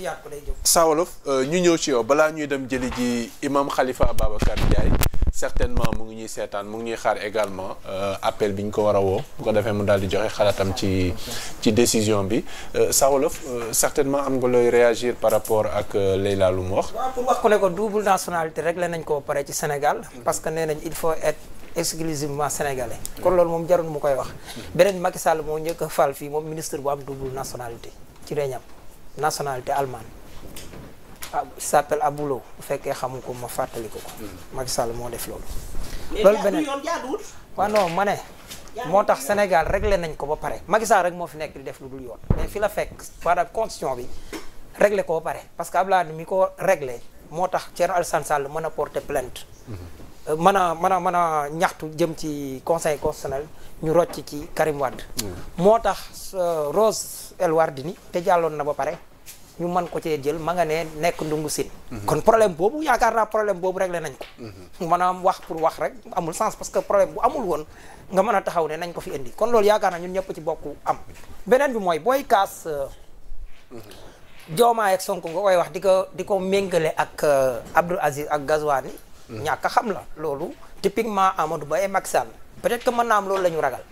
yàqu day jóg. Euh, ñu ñëw ci yow balaa ñuy dem jëli ji imam Khalifa Ababacar Ndiaye certainement mu ngi ñuy seetaan mu ngi ñuy xaar également euh, appel bi ñu ko war a woo bu ko defee mu daal di joxe xalaatam ci ci décision bi euh, Saa Wolof certainement am nga looy réagir par rapport ak Leila lu mu wax. waaw pour wax ko ne ko double nationalité rek la nañ ko pare ci Sénégal. parce que nee nañ il faut être. exclusivement sénégalais kon loolu moom jarul mu koy wax mm-hmm. beneen Macky Sall moo njëkk fal fii moom ministre bu am double nationalité ci réñam nationalité allemande ah s'appelle Abulo bu fekkee xamu ko ma fàttali ko ko. Mm-hmm. Macky Sall moo def loolu. loolu beneen waaw non ma ne. moo tax Sénégal réglé nañ ko ba pare Macky Sall rek moo fi nekk di def lu dul yoon. mais fi la fekk par la constitution bi réglé ko ba pare parce que di mi ko réglé moo tax Thierno Alassane Sall mën a porter plainte. Mm-hmm. Euh, mën a mën a mën a ñaxtu jëm ci conseil constitutionnel ñu rocc ci Karim Wade. Mm-hmm. moo tax euh, Rose El Wardini te jàlloon na ba pare. ñu mën ko cee jël ma nga ne nekk ndungu sin mhm. kon problème boobu yaakaar naa problème boobu rek réglé nañ ko mhm. maanaam wax pour wax rek amul sens parce que problème bu amul woon nga mën a taxaw ne nañ ko fi indi kon loolu yaakaar naa ñun ñëpp ci bokk am beneen bi mooy booy kaas euh, mhm. Diomaye ak Sonko nga koy wax di ko di ko méngale ak euh, Abdoul Aziz ak Gazwani ñàkk a xam la loolu typiquement Amadou Ba et Macky Sall peut-être que mën naa am loolu la ñu ragal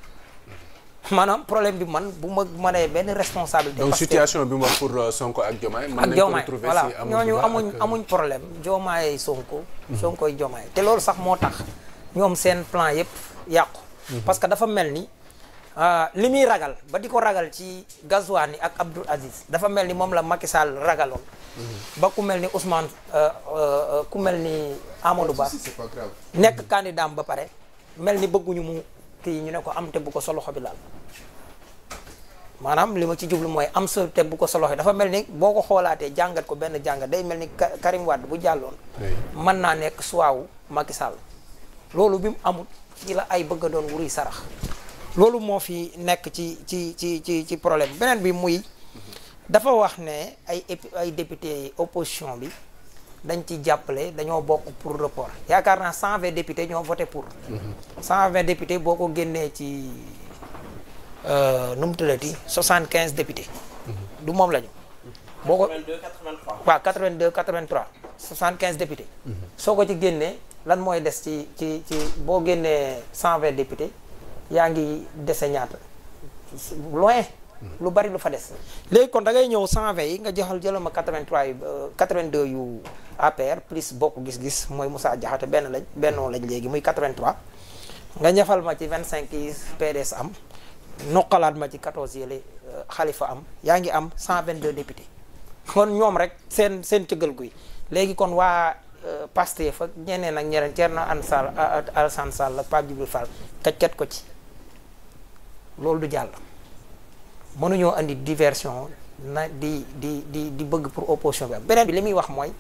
maanaam problème bi man bu ma mënee benn responsabilité. donc situation bi mu wax pour euh, Sonko ak Diomaye. mën nañu ko retrouver voilà ñooñu amuñ euh, amuñ problème Diomaye Sonko. Mhm. Sonkoy Diomaye te loolu sax moo tax ñoom seen plan yëpp yàqu. Mhm. parce que dafa mel ni euh, li muy ragal ba di ko ragal ci Gazouani ak Abdoul Aziz dafa mel ni moom la Macky Sall ragaloon. Mhm. ba ku mel ni Ousmane ku mel ni amalu Ba. nekk candidat ba pare mel ni bëgguñu mu. kii ñu ne ko am te bu ko sa loxo bi laal maanaam li ma ci jublu mooy am sa te bu ko sa dafa mel ni boo ko xoolaatee jàngat ko benn jàngat day mel ni Karim wàdd bu jàlloon. mën naa nekk suwaawu Macky Sall loolu bi mu amul ci la ay bëgg doon wuri sarax loolu moo fi nekk ci ci ci ci ci problème beneen bi muy dafa wax ne ay ay député opposition bi. dañ ci jàppale dañoo bokk pour report yaakaar naa cent vingt députés ñoo voté pour. Mhm. cent vingt députés boo ko génnee ci euh, nu mu tuddati soixante quinze députés. Mhm. du moom lañu. boo ko 82 83. waaw 82 83 75 députés. Mhm. soo ko ci génnee lan mooy des ci ci ci boo génnee 120 députés yaa ngi dese loin. lu bari lu fa des. léegi kon da ngay ñëw 120 yi nga joxal jëlal ma 83 euh, yu 82 yu APR plus bokk gis-gis mooy Moussa Diakhaté benn lañ bennoo lañ léegi muy 83. nga ñafal ma ci vingt cinq yi PDS am noqalaat ma ci 14 yële euh, Khalifa am yaa ngi am 122 députés kon ñoom rek seen seen cëggal guy léegi kon waa euh, Pastef ak ñeneen ak ñeneen Thierno Alassane Sall ak Pape Djibril Fall kaccat ko ci loolu du jàll. mënuñoo indi diversion na di di di di bëgg pour opposition bi am beneen bi li muy wax mooy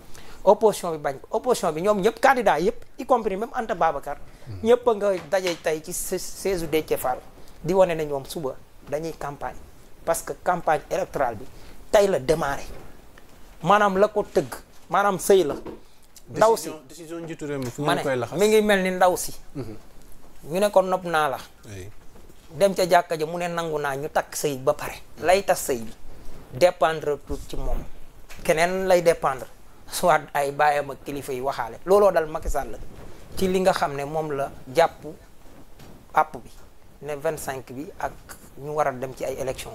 opposition bi bañ ko opposition bi ñoom ñëpp candidat yëpp y compris même Anta hmm. ñëpp a nga daje tey ci seize Déthié Fall di wane ne ñoom suba dañuy campagne parce que campagne électorale bi tey la démarré maanaam la ko tëgg maanaam sëy la ndaw si décision njiitu réew mi fu ma ne mi ngi mel ni ndaw si hmm. ñu ne ko nopp naa la dem ca jàkka ja mu ne nangu naa ñu takk sëy ba pare lay tas sëy bi dépendre tout ci moom keneen lay dépendre soit ay bàyyam ak kilifa yi waxaale looloo dal Macky Sall la ci li nga xam ne moom la jàpp àpp bi ne vingt cinq bi ak ñu war a dem ci ay élection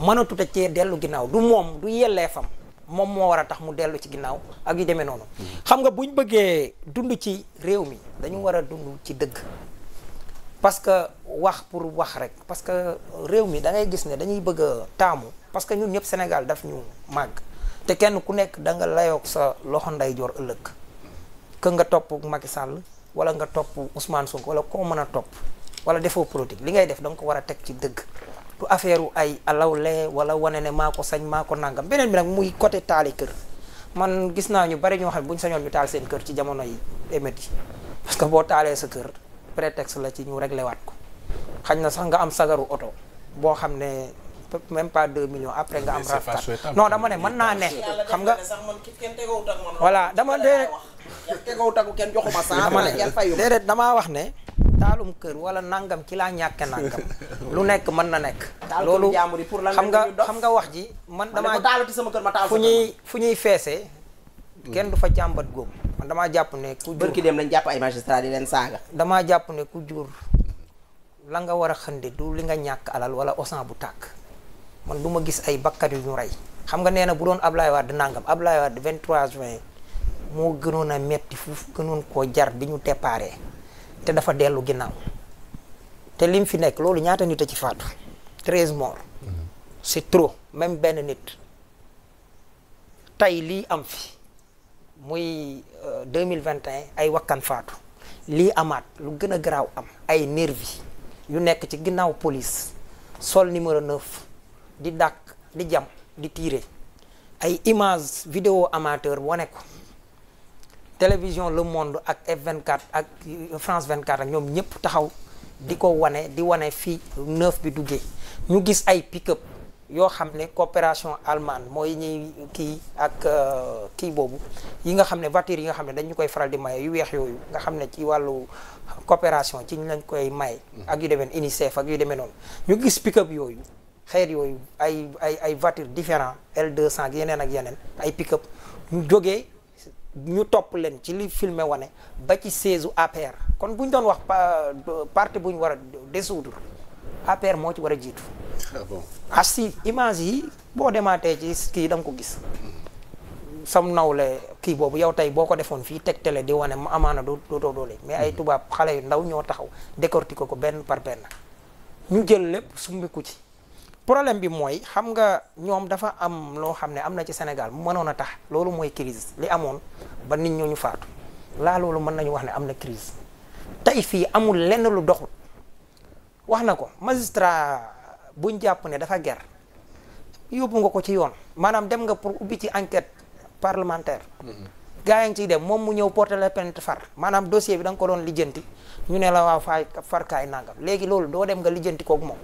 mënatut a cee dellu ginnaaw du moom du yellee fam moom moo war a tax mu dellu ci ginnaaw ak yu demee noonu mm-hmm. xam nga buñ bëggee dund ci réew mi dañu war a dund ci dëgg parce que wax pour wax rek parce que réew mi dangay gis ne dañuy bëgg taamu parce que ñun ñëpp Sénégal daf ñu màgg te kenn ku nekk da nga layoog sa loxo ndeyjoor ëllëg que nga topp Macky Sall wala nga topp Ousmane Sonko wala koo mën a topp wala defoo politique li ngay def danga ko war a teg ci dëgg du affaire ay alawle wala wane ne maa ko sañ maa ko nangam beneen bi nag muy côté taali kër man gis naa ñu bari ñoo xam ne bu ñu sañoon ñu taal seen kër ci jamono yi émeutes parce que boo taalee sa kër prétexte la ci ñu réglé waat ko xañ na sax nga am sagaru oto boo xam ne même pas deux millions après nga am rafet non dama ne mën naa ne xam nga voilà dama de dama ne déedéet damaa wax ne taalum kër wala nangam ci laa ñàkke nangam lu nekk mën na nekk loolu xam nga xam nga wax ji man dama fu ñuy fu ñuy feesee kenn du fa jàmbat góom damaa jàpp ne ku jur barki dem lañ jàpp ay magistrat di leen saaga damaa jàpp ne ku jur la nga war a xëndi du li nga ñàkk alal wala osan bu tàkk man du ma gis ay bakkat yu ñu rey xam nga nee na bu doon Ablaye Wade nangam Ablaye Wade 23 juin moo gënoon a metti fuuf gënoon koo jar bi ñu déparé te dafa dellu ginnaaw te lim fi nekk loolu ñaata nit a ci faatu 13 morts mhm. c'est trop même benn nit tey lii am fi muy 2021 euh, ay wakkan faatu lii amaat lu gën a garaaw am ay nervi yu nekk ci ginnaaw police sol numéro 9 di dàq di jam di tiire ay image vidéo amateur wane ko télévision Le Monde ak F24 ak euh, France vingt 24 ak ñoom ñëpp taxaw di ko wane di wane fii 9 bi duggee ñu gis ay pick-up yoo xam ne coopération allemande mooy ñuy kii ak euh, kii boobu yi nga xam ne voiture yi nga xam ne dañu koy faral di may yu weex yooyu nga xam ne ci wàllu coopération ci lañ koy may mm-hmm. ak yu demee UNICEF ak yu demee noonu ñu gis pick-up yooyu xeet yooyu ay ay ay voiture différent L200 cent yeneen ak yeneen ay pick-up ñu jóge ñu topp leen ci li filmé wane ba ci siège APR kon bu ñu doon wax euh, parti bu ñu war a dissoudre APR moo ci war a jiitu Ah, ah si image yi boo demaatee ci kii da nga ko gis sam nawle kii boobu yow tey boo ko defoon fii teg télé di wane mu amaana doo dootoo doole mais ay mm-hmm. tubaab xale yu ndaw ñoo taxaw décortiquer ko benn par benn ñu jël lépp sumbiku ci problème bi mooy xam nga ñoom dafa am loo xam ne am na ci Sénégal mënoon a tax loolu mooy crise li amoon ba nit ñoo ñu faatu laa loolu mën nañu wax ne am na crise tey fii amul lenn lu doxul wax na ko magistrat bu buñ jàpp ne dafa ger yóbbu nga ko ci yoon maanaam dem nga pour ubbi ci enquête parlementaire mm-hmm. gaa yi ngi ciy dem moom mu ñëw porter la plainte far maanaam dossier bi da nga ko doon lijjanti ñu ne la waaw fay farkaay nangam léegi loolu doo dem nga lijjanti koog moom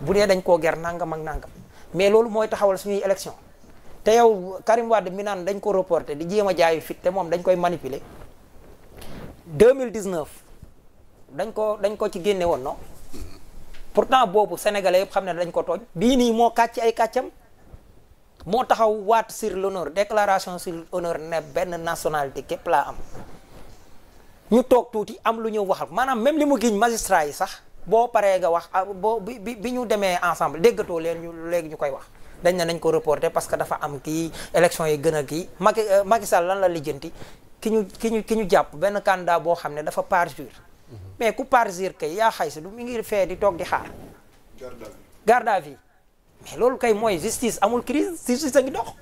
bu dee dañ koo ger nangam ak nangam mais loolu mooy taxawal suñuy élection te yow Karim de mi naan dañ ko reporter di jéem a jaayu fit te moom dañ koy manipuler 2019 dañ ko dañ ko ci génne woon pourtant boobu sénégalais yëpp xam ne dañ ko tooñ bii nii moo kàcc ay kàccam moo taxaw waat sur l'honneur déclaration sur l'honneur ne benn nationalité képp laa am ñu toog tuuti am lu ñu waxal maanaam même li mu giñ magistrat yi sax boo paree nga wax ah, boo bi bi ñu demee ensemble déggatoo leen ñu léegi ñu koy wax dañ ne nañ ko reporté parce que dafa am kii élection yi gën a kii Macky euh, Macky lan la lijjanti ki ñu ki ñu ki ñu jàpp benn candidat boo xam ne dafa parjure mais ku parjure kay yaa xay si du mu ngi fee di toog di xaar garde à vie mais loolu kay mooy justice amul crise justice a ngi dox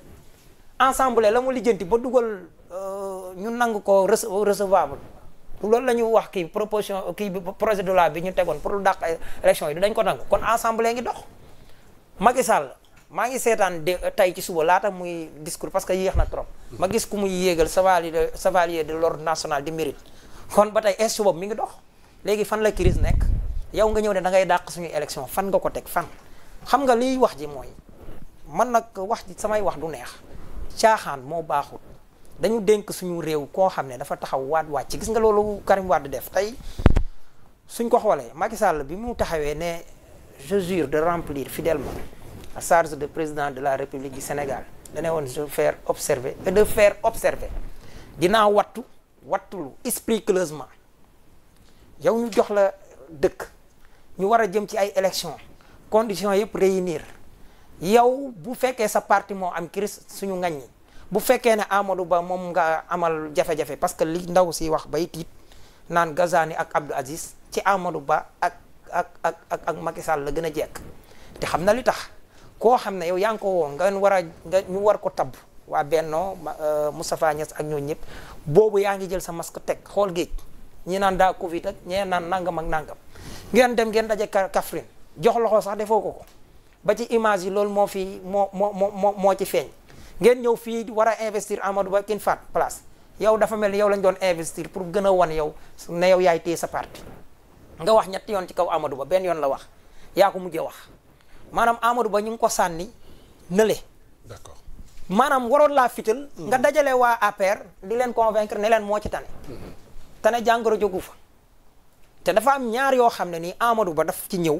ensemble la mu lijjanti ba dugal euh, ñu nangu ko recevable loolu la ñu wax kii proposition kii projet de la bi ñu tegoon pour lu dàq euh, élection yi du dañ ko nangu kon ensemble ngi dox Macky Sall maa ngi seetaan de tey ci suba laata muy discours parce que yéex na trop ma gis ku muy yéegal chevalier chevalier de l'ordre national du mérite kon ba tey stu boobu mi ngi dox léegi fan la crise nekk yow nga ñëw ne da ngay dàq suñu élection fan nga ko teg fan xam nga liy wax ji mooy man nag wax ji samay wax du neex caaxaan moo baaxul dañu dénk suñu réew koo xam ne dafa taxaw waat wàcc gis nga loolu Karim Wade def tey suñ ko xoolee Macky bi mu taxawee ne je de remplir fidèlement la charge de président de la République du Sénégal dane woon je faire observer de faire observer dinaa wattu wattulu scrupuleusement yow ñu jox la dëkk ñu war a jëm ci ay élection conditions yëpp réunir yow bu fekkee sa parti moo am crise suñu ngaññi bu fekkee ne Amadou Ba moom nga amal jafe-jafe parce que li ndaw si wax bay tiit naan Gazani ak Abdou Aziz ci Amadou Ba ak ak ak ak ak Macky la gën a jekk te xam na li tax koo xam ne yow yaa ngi ko woo nga war a nga ñu war ko tab waa Benno euh, Moustapha Niass ak ñooñu ñëpp boobu yaa ngi jël sa masque teg xool géej ñi naan daa Covid ak ñee naan nangam ak nangam ngeen dem ngeen daje Kaffrine jox loxo sax defoo ko ko ba ci image yi loolu moo fi moo moo moo moo ci feeñ ngeen ñëw fii war a investir Amadou Ba kin faat place yow dafa mel ni yow lañ doon investir pour gën a wan yow ne yow yaay téye sa parti nga wax ñetti yoon ci kaw Amadou Ba benn yoon la wax yaa ko mujjee wax maanaam Amadou Ba ñu ngi ko sànni nële. maanaam waroon laa fital nga dajale waa APR di leen convaincre ne leen moo ci tane mhm. tane jàngoro jógu fa te dafa am ñaar yoo xam ne nii Amadou Ba daf ci ñëw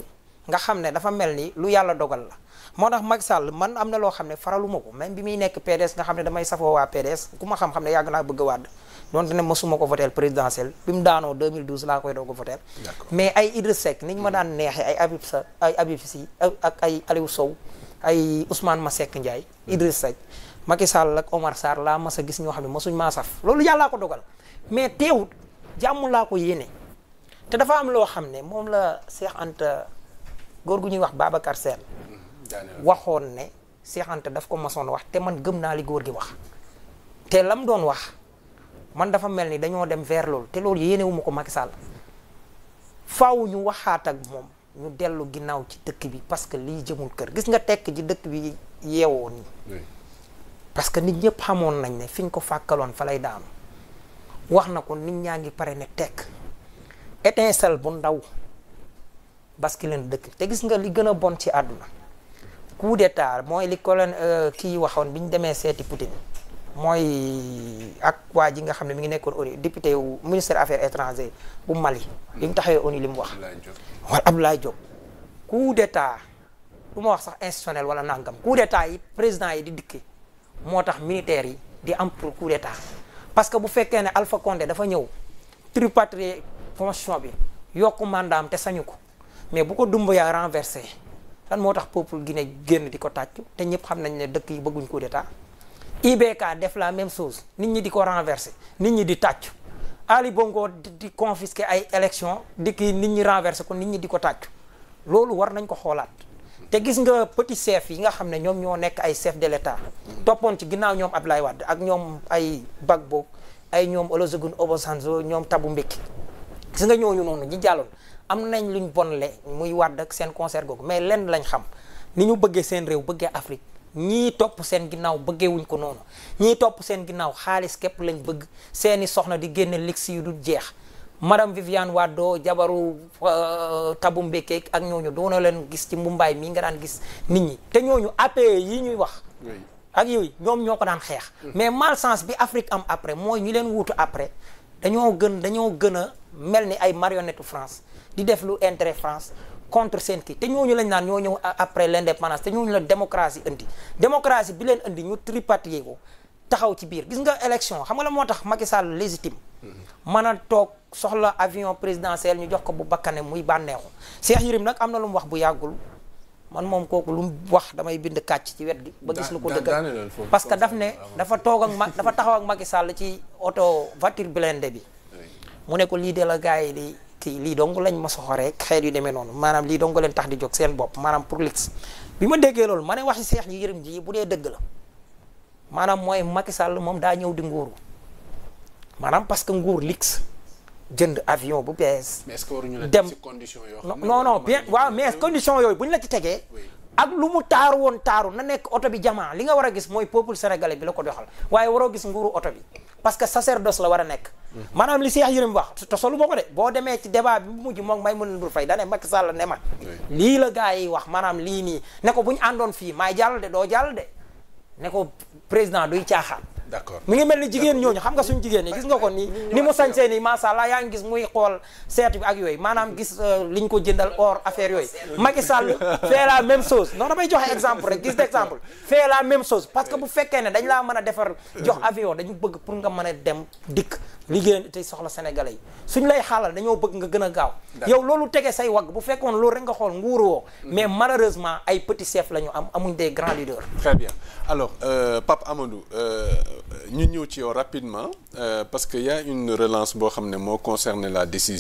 nga xam ne dafa mel ni lu yàlla dogal la moo tax Macky Sall man am na loo xam ne faraluma ko même bi muy nekk PDS nga xam ne damay safoo waa PDS ku ma xam-xam ne yàgg naa bëgg a wàdd donte ne mosuma ko votel présidentiel bi mu daanoo 2012 laa koy doo ko votel mais ay Idriss Seck ni ñu ma daan neexee ay Habib sa ay Habib Sy ak ay Aliou Sow ay Ousmane Masseck Ndiaye Idriss Seck Macky Sall ak Omar Sarr laa mas a gis ñoo xam ne masuñ maa saf loolu yàllaa ko dogal mais teewut jàmm laa ko yéene te dafa am loo xam ne moom la Cheikh góor gu ñuy wax Babacar Sène waxoon ne Cheikh daf ko masoon wax te man gëm naa li góor gi wax te lam doon wax man dafa mel ni dañoo dem ver loolu te loolu yéenewuma ko Macky Sall faaw ñu waxaat ak moom ñu dellu ginnaaw ci dëkk bi parce que lii jëmul kër gis nga tekk ji dëkk bi yeewoo nii parce que nit ñëpp xamoon nañ ne fi ñu ko fàkkaloon fa lay daanu wax na ko nit ñaa ngi pare ne tekk étincelle bu ndaw parce que leen dëkk te gis nga li gën a bon ci àdduna coup d'état mooy li colonel euh, kii waxoon bi ñu demee seeti Poutine mooy ak waa ji nga xam ne mi ngi nekkoon ONU député wu ministère affaires étrangères bu Mali. li mu taxee ONU li mu wax. wala Abdoulaye Diop. coup d'état du ma wax sax institutionnel wala nangam coup d'état yi président yi di dikki moo tax militaires yi di am pour coup d'état parce que bu fekkee ne Alpha Condé dafa ñëw tripatrie constitution bi yokk mandaam te sañu ko mais bu ko dumb Doumbouya renversé lan moo tax peuple Guinée génn di ko tàcc te ñëpp xam nañ ne dëkk yi bëgguñ coup d'état IBK def la même chose nit ñi di ko renverser nit ñi di tàccu Ali di confisquer ay élection di kii nit ñi renverser ko nit ñi di ko tàccu loolu war nañ ko xoolaat te gis nga petit chef yi nga xam ne ñoom ñoo nekk ay chef de l'État toppoon ci ginnaaw ñoom ab Abdoulaye Wade ak ñoom ay bag Gbagbo ay ñoom Olusegun Obasanjo ñoom tabu Mbeki gis nga ñooñu noonu ñi jàlloon am nañ luñ le muy Wade ak seen concert googu mais lenn lañ xam ni ñu bëggee seen réew bëggee Afrique ñii topp seen ginnaaw bëggeewuñ ko noonu ñii topp seen ginnaaw xaalis képp lañ bëgg seeni soxna di génne ligsi yu du jeex madame Viviane Wado jabaru euh, tabu mbékkeeg ak ñooñu doona leen gis ci mbumbaay mii nga daan gis nit ñi te ñooñu APE yi ñuy wax ak yooyu ñoom ñoo ko daan xeex mm. mais malchance bi Afrique am après mooy ñi leen wuutu après dañoo gën dañoo gën a mel ni ay marionnette France di def lu intérêt France contre seen kii te ñooñu lañ naan ñoo ñëw après l'indépendance te ñooñu la démocratie indi démocratie bi leen indi ñu tripatouiller ko taxaw ci biir gis nga élection xam nga la moo tax Macky Sall légitime man mm-hmm. a toog soxla avion présidentiel ñu jox ko bu bakkane muy bànneexu Cheikh Yérim nag am na lu mu wax bu yàggul man moom kooku lu mu wax damay bind kàcc ci wet gi ba gis lu ko dëggal parce que daf ne ah, dafa toog ak ma dafa taxaw ak Macky Sall ci oto voiture blindée bi mu ne ko de la gars yi di kii lii dong lañ ma soxoree xeet yu demee noonu maanaam lii dong leen tax di jóg seen bopp maanaam pour lix bi ma déggee loolu ma ne waxi seex yi yërëm ji bu dee dëgg la maanaam mooy Macky Sall moom daa ñëw di nguuru maanaam parce que nguur lix jënd avion bu bees. mais est-ce dem ci condition yoo xam ne non non bien waaw mais condition yooyu bu ñu la ci tegee. ak lu mu taaru woon taaru na nekk oto bi jamaa li nga war a gis mooy peuple sénégalais bi la ko doxal waaye waroo gis nguuru oto bi a nekk. maanaam li Cheikh Yérim wax te solu ma ko de boo demee ci débat bi bu mujj moom may mën bul fay dane Macky Sall ne ma lii la gars yi wax manaam lii nii ne ko bu ñu àndoon fii maay jàll de doo jàll de ne ko président duy caaxaan d'accord mi ngi mel ni jigéen ñooñu xam nga suñu jigéen ñi gis nga ko nii ni mu sañsee ni macha allah yaa ngi gis muy xool seet bi ak yooyu maanaam gis euh, liñ ko jëndal or affaire yooyu Macky Sall fait la même chose non damay joxe exemple rek gis d'exemple fait la même chose parce que bu fekkee ne dañ laa mën a defar jox avion dañu bëgg pour nga mën a dem dikk liggéey tey soxla sénégalais yi suñ lay xaalal dañoo bëgg nga gën a gaaw yow loolu tege say wagg bu fekkoon loolu rek nga xool nguuru woo mm-hmm. mais malheureusement ay petit chef la ñu am amuñ de grands leaders très bien alors euh, Pape Amadou euh, ñu ñëw ci yow rapidement euh, parce que y a une relance boo xam ne moo concerne la décision